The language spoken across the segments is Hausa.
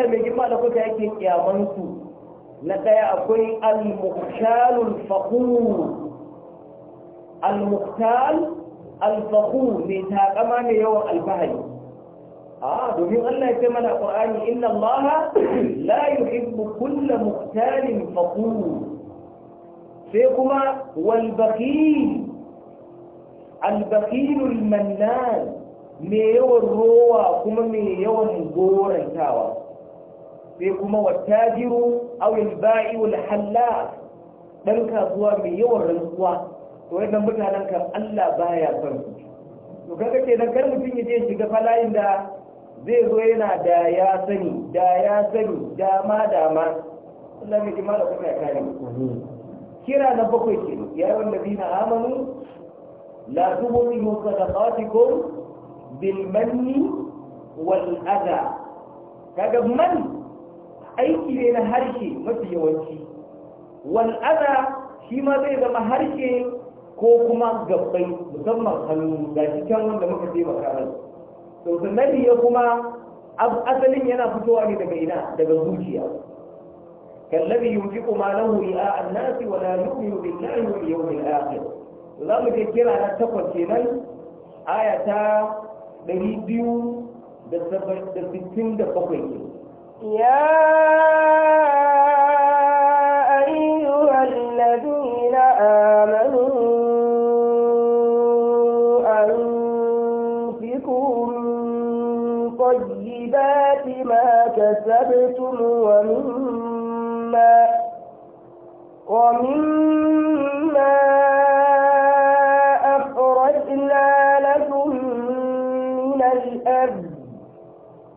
Allah mai girma da kuka yake kiyamansu na daya akwai al-mukhtalul faqur al-mukhtal al faqur ne ta kama ne yawan al alfahari a domin Allah ya ce mana Qur'ani inna Allah la yuhibbu kulla mukhtalin faqur sai kuma wal bakhil al-bakhil mannan me yawan rowa kuma me yawan gorantawa sai kuma wattajiru aw al-ba'i wal halal dan kasuwa mai yawan rantsuwa to wannan mutanen kan Allah baya son su to kaga dan kar mutum ya je shiga falayin da zai zo yana da ya sani da ya sani dama dama Allah mai jima kuma ya kare kira na bakwai ke ya yi wanda zina amanu la tubutu sadaqatikum bil manni wal adha kaga man aiki ne na harshe mafi yawanci wal adha shi ma zai zama harshe ko kuma gabbai musamman hannu ga shi can wanda muka je makarar to sannan ya kuma asalin yana fitowa ne daga ina daga zuciya kallabi yunfiqu ma lahu ya annasi wa la yu'minu billahi wal yawmil akhir za mu je kira na takwas kenan aya ta 267 يا أيها الذين آمنوا أنفقوا من طيبات ما كسبتم ومما ومما أخرجنا لكم من الأرض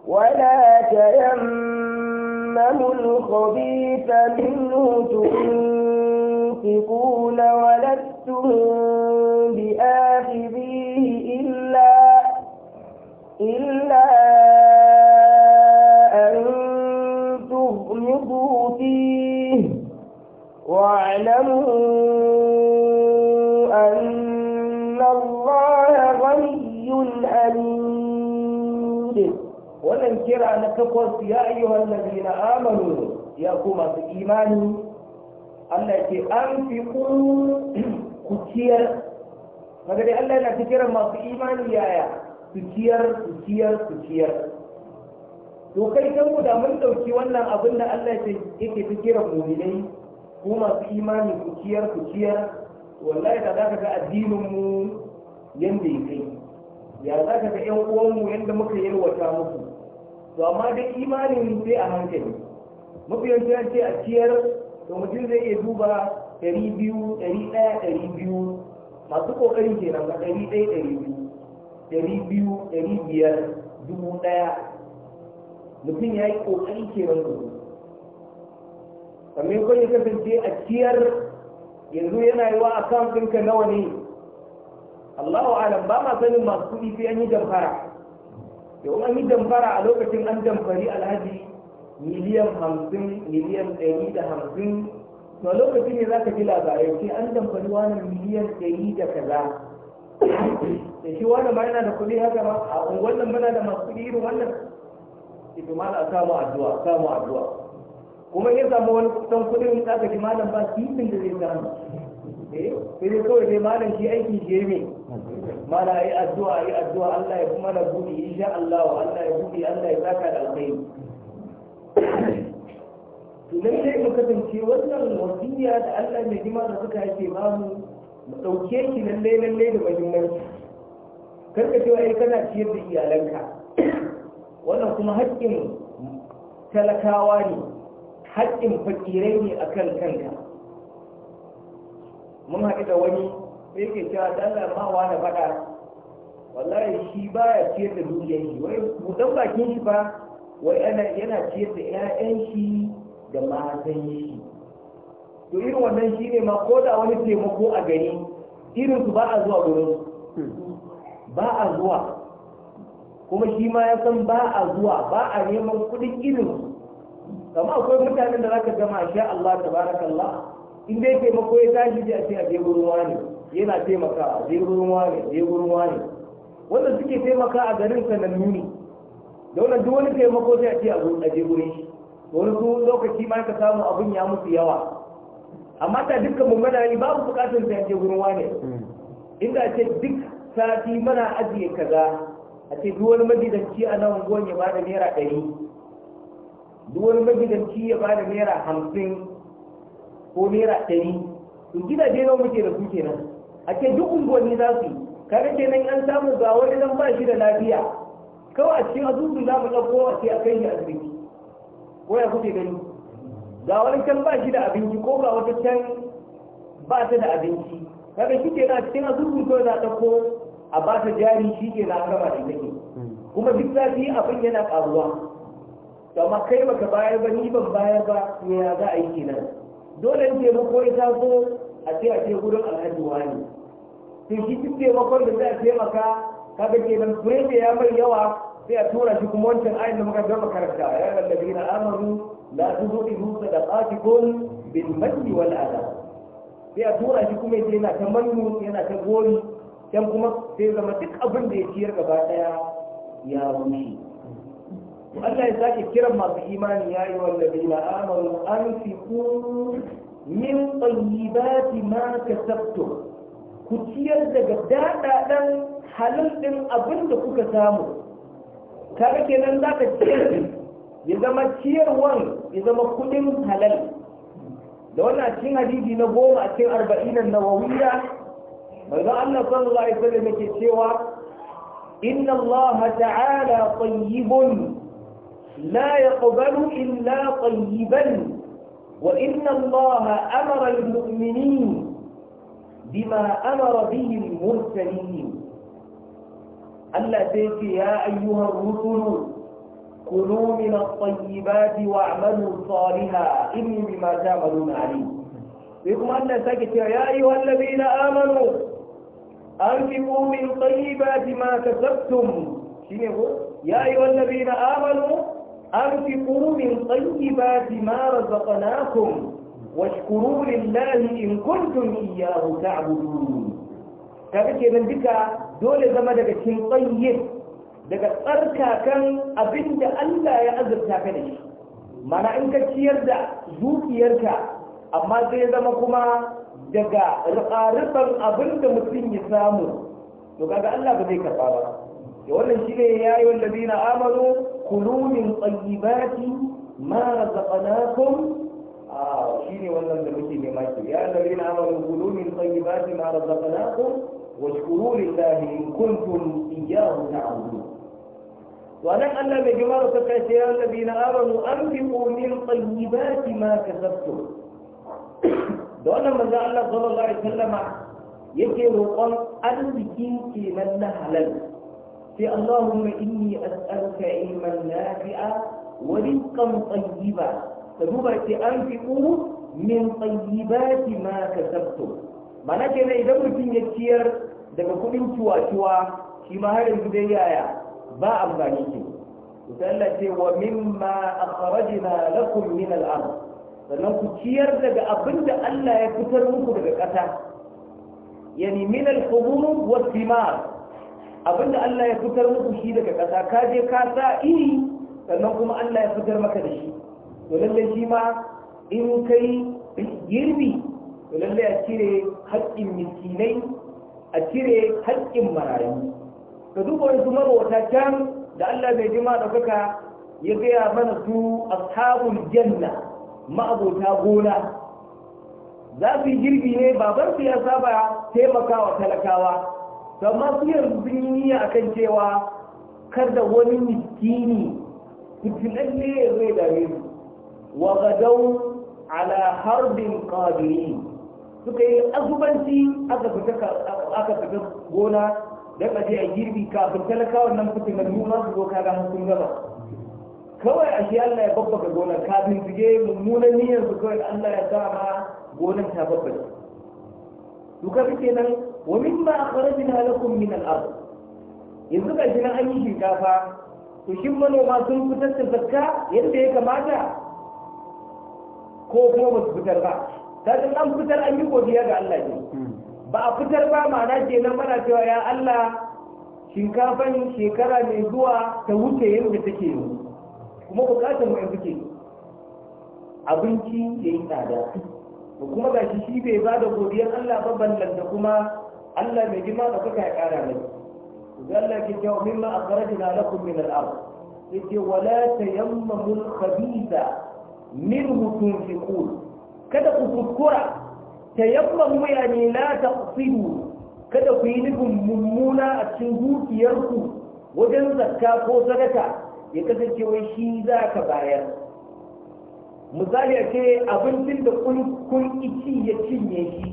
ولا تيمموا الخبيث منه تنفقون ولستم بآخذيه إلا إلا أن تغمضوا فيه واعلموا أن الله غني حميد ولن كرا نتقص يا أيها الذين آمنوا ya ku masu imani Allah ke an fi ku ciyar daga dai Allah yana ta kiran masu imani yaya su ciyar su ciyar su ciyar to kai kan mu da mun dauki wannan abin da Allah yake ta kira mu'minai ko masu imani ku ciyar ku ciyar wallahi da zaka ga addinin mu yanda yake ya zaka ga ƴan uwan mu yanda muka yi wata muku to amma da imanin sai a hankali mafi ta ce a ciyar to mutum zai iya duba ɗari biyu ɗari ɗaya ɗari biyu masu ƙoƙarin kenan ba ɗari ɗaya ɗari biyu ɗari biyar dubu ɗaya mutum ya yi ƙoƙari kenan da kamar kun ya kasance a ciyar yanzu yana yi wa kan ɗinka nawa ne Allahu alam ba ma sanin masu kuɗi sai an yi damfara yau an yi damfara a lokacin an damfari alhaji miliyan hamsin miliyan ɗari da hamsin to lokaci ne za ka ji labarai sai an damfani wani miliyan ɗari da kaza da shi wani ma yana da kuɗi haka ba a wannan muna da masu kuɗi irin wannan ita ma na samu addu'a samu addu'a kuma ya samu wani kuɗin kuɗin za ka ji malam ba titin da zai samu eh, sai dai kawai dai malam shi aikin jeme. ne mala yi addu'a yi addu'a Allah ya kuma da buɗe insha Allah Allah ya buɗe Allah ya saka da alkhairi to lallai mu kasance wannan wasiya da Allah mai jima da suka yake ba mu mu ɗauke ki lallai lallai da muhimmanci kar ka cewa ai kana ciyar da iyalanka wannan kuma haƙƙin talakawa ne haƙƙin fakirai ne akan kanka mun haɗu da wani sai ke cewa Allah ma wa na faɗa wallahi shi baya ciyar da dukiyar shi wai buɗan bakin shi ba wai yana ciyar da 'ya'yan shi da matan shi to irin wannan shi ne ma ko da wani taimako a gari irin su ba a zuwa gurin ba a zuwa kuma shi ma ya san ba a zuwa ba a neman kudin irin su kama akwai mutanen da zaka gama sha Allah tabarakallah in dai taimako ya tashi da ake a je gurin wani yana taimakawa a gurin wani ne. wani wanda suke taimaka a garin sanannu ne da duk wani taimako sai a ce a zo a je wani su lokaci ma ka samu abun ya musu yawa amma ta dukkan mu mana yi babu bukatun sai a je gurin wane inda ce duk sati mana ajiye kaza a ce duk wani majidanci a nan gwan ya bada naira ɗari duk wani majidanci ya bada naira hamsin ko naira ɗari to gidaje nawa muke da su kenan a ce duk unguwanni za su yi kaga kenan an samu ga wani nan ba shi da lafiya kawai a cikin azuzu za mu ɗauko a ce a kai yi asibiti ko ya kuke gani ga wani can ba shi da abinci ko ga wata can ba ta da abinci kaga shi ke na cikin azuzu ko za ta ko a ba ta jari shi ke na gaba da take kuma duk za yi abin yana ƙaruwa amma kai baka bayar ba ni ban bayar ba me ya za a yi kenan dole mu taimako ta so a ce a ce gurin alhaji wani to shi duk da za a taimaka kaga kenan kurege ya mai yawa sai a tura shi kuma wancan ayin da muka gama karanta ya ga ladina amanu la tuzihu sadaqatikum bil manni wal ala sai a tura shi kuma yana ta mannu yana ta gori can kuma sai zama duk abin da ya ciyar gaba daya ya rushe Allah ya sake kiran masu imani ya yi amaru an anfiqu min tayyibati ma kasabtum ku ciyar daga dadadan halin din abin da kuka samu kaga kenan za ka ciyar ya zama ciyarwan ya zama kudin halal da wannan cin hadidi na goma a cikin arba'in nawawiya manzo Allah sallallahu alaihi wasallam yake cewa inna Allah ta'ala tayyibun la yaqbalu illa tayyiban wa inna Allah amara al-mu'minin bima amara bihi al الله تيك يا أيها الرسل كلوا من الطيبات واعملوا صالحا إني بما تعملون عليم بكم أن سكت يا أيها الذين آمنوا أنفقوا من طيبات ما كسبتم شنو يا أيها الذين آمنوا أنفقوا من طيبات ما رزقناكم واشكروا لله إن كنتم إياه تعبدون kaga kenan duka dole zama daga cikin tsayyib daga tsarkakan abinda Allah ya azurta ka da shi mana in ka ciyar da dukiyarka amma sai zama kuma daga rikarifan abinda mutum ya samu to kaga Allah ba zai karba ba da wannan shi ne ya yi wanda zina amanu kulu min tsayyibati ma razaqnakum ne wannan da muke nema ke ya allazina amanu kulu min tsayyibati ma razaqnakum واشكروا لله ان كنتم اياه تعبدون ونحن يا جماعه فكاسيا الذين امنوا انفقوا من طيبات ما كسبتم دون ما جعل الله صلى الله عليه وسلم يكي رقم انفقين في من حلال في اللهم اني اسالك علما نافعا ورزقا طيبا فدوبا انفقوا من طيبات ما كسبتم mana kenan idan mutum ya ciyar daga kudin cuwa-cuwa shi ma har yanzu dai yaya ba amfani ke misalla ce wa mimma akhrajna lakum min al sannan ku ciyar daga abin da Allah ya fitar muku daga ƙasa yani min al-khumur wa thimar abin da Allah ya fitar muku shi daga ƙasa ka je ka sa iri sannan kuma Allah ya fitar maka da shi to lallai shi ma in kai girbi to lallai a cire haƙƙin miskinai a cire haƙƙin marayu ka duba wani kuma wata can da Allah mai jima da kuka ya gaya mana su a sabon janna ma'abota gona za su yi girbi ne baban su ya saba taimakawa talakawa amma su yanzu sun yi niyya akan cewa kada wani miskini fitilalle ya zai dame su wa gadau ala harbin qadirin suka yi azubanci aka fita gona don a je a girbi kafin talakawan nan na nuna su zo kaga sun gaba kawai a shi Allah ya babbaka gonar ka bincike mummunan niyyar su kawai Allah ya sa ma gonar ta babbaka to ka fi kenan wa mimma akhrajna lakum min al-ard yanzu ga shi an yi shinkafa to shin manoma sun fitar da zakka yadda ya kamata ko kuma ba su fitar ba kaga an fitar an yi godiya ga Allah ne hmm. ba a fitar ba ma'ana kenan mana cewa ya Allah shinkafan shekara mai zuwa ta wuce yadda take yi kuma bukatar mu take abinci ya yi tsada to kuma ga shi shi bai da godiyar Allah ba ballan da kuma Allah mai girma da kuka ya kara mai ga Allah ke cewa mimma akhrajna lakum min al-ard yace wala tayammamu al-khabitha minhu tunfiqun kada ku kuskura tayamman wuya ne la taqsidu kada ku yi nufin mummuna a cikin dukiyarku wajen zakka ko sadaka ya kasance wai shi za ka bayar misali ce abincin da kun ici ya cinye shi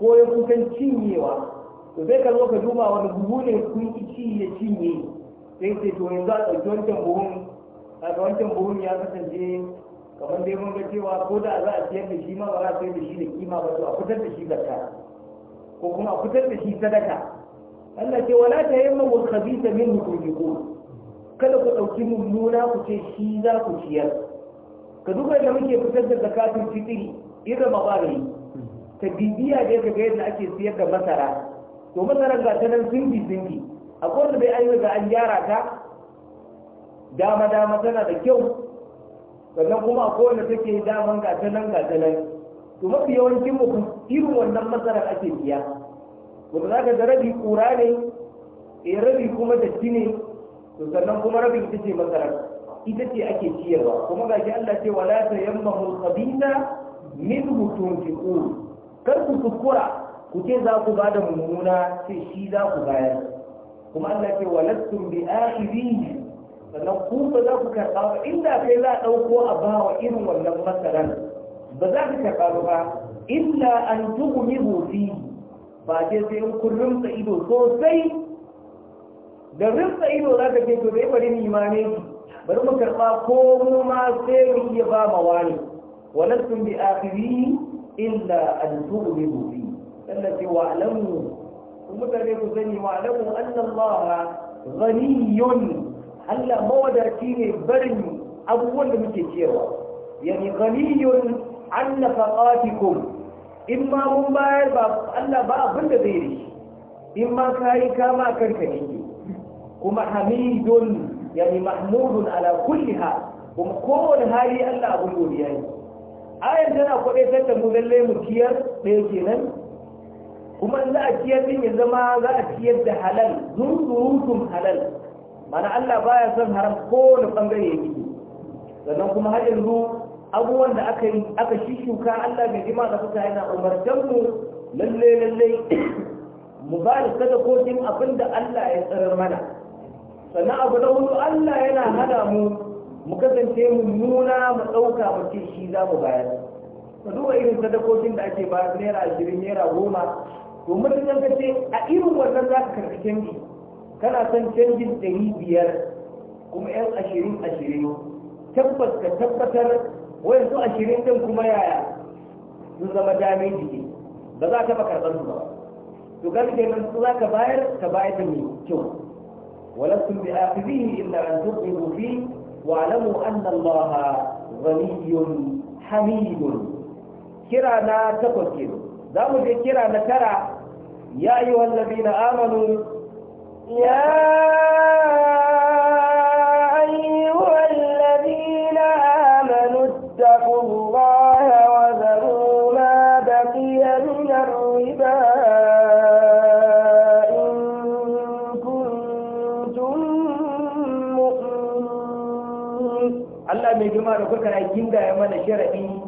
ko ya kusan cinyewa to sai ka zo ka duba wani buhu ne kun ici ya cinye sai sai to yanzu a ɗauki wancan buhun a wancan buhun ya kasance kamar dai mun ga cewa ko da za a siyar da shi ma ba za a siyar da shi da kima ba to a fitar da shi zakka ko kuma a fitar da shi sadaka Allah ce wala ta yamma wal khabitha minhu ko? kada ku dauki mummuna ku ce shi za ku ciyar ka duba da muke fitar da zakatun fitri irin mabari ta bibiya da ka ga yadda ake siyar da masara to masara ga ta nan sun zindi akwai wanda bai ayyuka an gyara ta dama dama tana da kyau sannan kuma a kowane take daman gata nan gata nan to mafi yawancin mu irin wannan masarar ake biya wanda za ka da rabi kura ne e rabi kuma datti ne to sannan kuma rabi ita ce masarar ita ce ake ciyarwa kuma ga shi Allah ce wala min khabitha minhu kuru kar ku kuskura ku ce za ku ba da mummuna ce shi za ku bayar kuma Allah ce walastum bi akhidhihi sannan ku ba za ku karɓa ba inda kai za a ɗauko a ba wa irin wannan masalan ba za ku karɓa ba illa an tuhumi hofi ba ke sai in kun rinsa ido sosai da rinsa ido za ka ce to bai bari ni ma ne bari mu karɓa ko mu ma sai mu iya ba ma wani sun bi akhiri illa an tuhumi hofi sannan ce wa alamu mutane ku sani wa alamu annallaha ghaniyun Allah mawadaci ne barin abubuwan da muke cewa yani ghaniyun an nafaqatikum in ma mun bayar ba Allah ba abin da zai yi in ma kai kama karka ne kuma hamidun yani mahmudun ala kulli ha, kuma kowane hali Allah abin godiya ne ayar tana kwaɗe ta mu lalle mu kiyar, ɗaya kenan kuma za a ciyar din ya zama za a ciyar da halal zunzurutun halal mana Allah baya son haram ko da bangare yake sannan kuma har yanzu abubuwan da aka aka shishuka Allah bai jima da suka yana umartan mu lalle lalle mu ba da sadakokin abin da Allah ya tsarar mana sannan abu da hudu Allah yana hada mu mu kasance nuna mu dauka mu ce shi za mu bayar ka duba irin sadakokin da ake ba naira ashirin naira goma to mutum ka ce a irin wannan za ka karɓi kana son canjin ɗari biyar kuma yan ashirin ashirin tabbas ka tabbatar wayan su ashirin ɗin kuma yaya sun zama damin jiki ba za ka ba karɓar su ba to gani kenan su za ka bayar ka bayar da mai kyau ولستم بآخذه إلا أن تؤمنوا فيه واعلموا Kira na takwas حميد Za mu je kira na tara. Ya أيها الذين آمنوا يا أيها الذين آمنوا اتقوا الله وذروا ما بقي من الربا إن كنتم مؤمنين الله مجمع لكل كان يجمع من شرعين